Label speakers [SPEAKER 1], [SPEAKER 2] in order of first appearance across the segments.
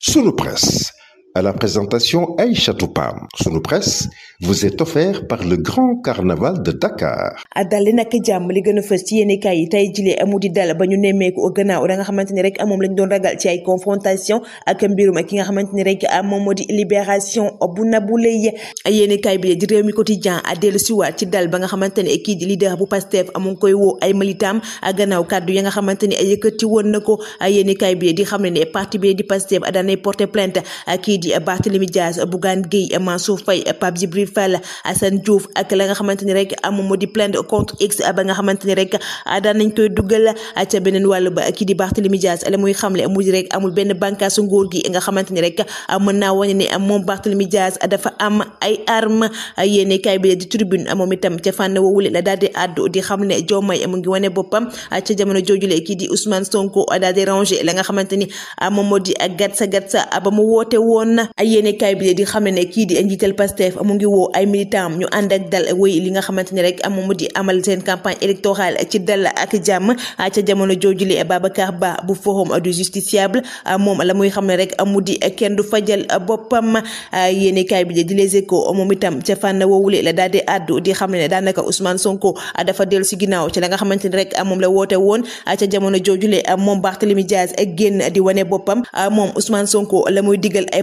[SPEAKER 1] sunu presse À la présentation Aïcha Toupam. Sunu Presse vous est offert par le Grand Carnaval de Dakar. dalli nag jàmm li gën a fës ci yéenekaay yi tey jilee amu di dal ba ñu nemmeeku au gannaaw da nga xamante ni rek amoom lañ doon ragal ci ay confrontation ak a ki nga xamante bi di réew mi quotidien a dellu siwaat ci dal ba nga xamante ne kii di bu Pastef amu ngi koy woo ay militam gannaaw kàddu ya nga xamante ni yëkkati woon na ko yéenekaay bi di xam ne ne parti di Barthélémy Dias Bougane Gueye Mansour Faye Pape Djibril Fall Assane Diouf ak la nga xamante ni rek am moo di la gi nga xamante ni rek mën naa wane ne moom Barthélémy Dias dafa am ay arme yéene kaay bi di tribune moom di àddu di xam ne Diomaye mu ngi wane boppam ca jamono joojule kii di la nga xamante ni moom moo di a sa gat sa ba mu woote woon yoon ay yéene kaay bi di xam ne kii di njiital Pastef mu ngi woo ay militant ñu ànd ak dal wéy li nga xamante rek amu mu di amal seen campagne électorale ci du justiciable moom la muy xam ne rek mu di kenn du fajal boppam yéene kaay bi di les échos moom di àddu di xam ne daanaka Ousmane Sonko dafa si ginnaaw ci la nga xamante ne rek moom la woote woon ca jamono joojule moom Barthélémy Diaz ak génn di wane boppam moom Ousmane Sonko la muy digal ay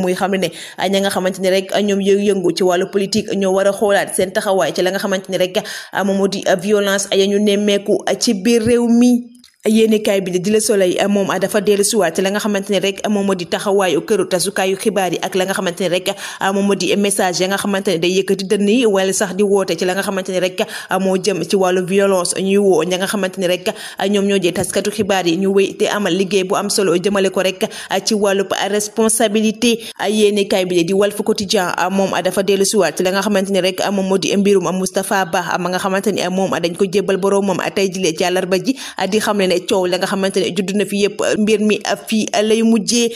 [SPEAKER 1] muy xam ne ña nga xamante ni rek ñoom yë yëngu ci wàllu politique ñoo war a xoolaat seen taxawaay ci la nga xamante ni rek moom moo di violence ya ñu nemmeeku ci biir réew mi yéenekaay bi di Le Soleil moom dafa dellu siwaat la nga xamante ne rek moom moo di taxawaayu këru tasukaayu xibaar yi ak la nga xamante ne rek moom moo di message ya nga xamante ne day yëkkati dënn yi wala sax di woote ci la nga xamante ne rek moo jëm ci wàllu violence ñuy woo ña nga xamante ne rek ñoom ñoo jee taskatu xibaar yi ñu wéy te amal liggéey bu am solo jëmale ko rek ci wàllu responsabilité yéenekaay bi di Walf Quotidien moom dafa dellu siwaat la nga xamante ne rek moom moo di mbirum Moustapha Ba ma nga xamante ne moom dañ ko jébbal boroom moom tey jilee ci àllarba ji di xam ne ne coow la nga xamante judd na fi yëpp mbir mi fii lay mujjee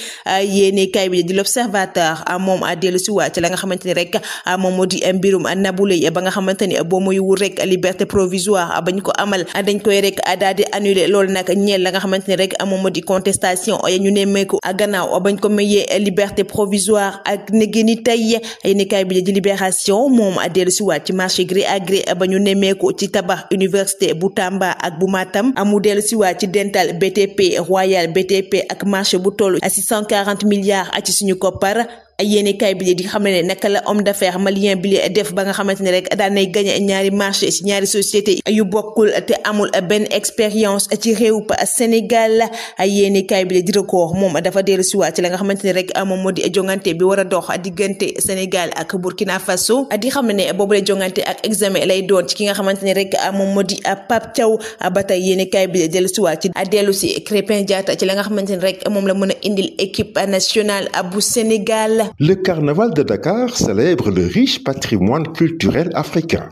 [SPEAKER 1] yéene kay bi di l'observateur moom si waat ci la nga xamante ni rek moom moo di mbirum ba nga xamante ni boo moywul rek liberté provisoire bañ ko amal dañ koy rek daal di annulé loolu nag ñeel la nga xamante ni rek moom moo di contestation ya ñu nemmeeku gannaaw bañ ko mayee liberté provisoire ak negéeni tey yéene kay bi di libération moom dellu si waat ci marché gré à gré ba ñu nemmeeku ci tabax université bu Tamba ak bu Matam amu dellu si waat delluwaat ci dental BTP royal BTP ak marché bu toll ci 140 milliards ak ci suñu koppar yéenekaay bi di xam ne naka la homme d'affaires malien bi def ba nga xamante ne rek daan ñaari marché ci ñaari société yu bokkul te amul benn expérience ci réew pa Sénégal yéenekaay bi di record moom dafa dellu siwaat ci la nga xamante ne rek moom moo di jongante bi war a dox diggante Sénégal ak Burkina Faso di xam ne boobu la jongante ak lay doon ki nga xamante ne rek moom moo di Pape Thiaw ba tey yéenekaay bi dellu siwaat ci dellu si Crépin Diatta ci la nga xamante ne rek moom la mën a indil équipe nationale bu Sénégal Le carnaval de Dakar célèbre le riche patrimoine culturel africain.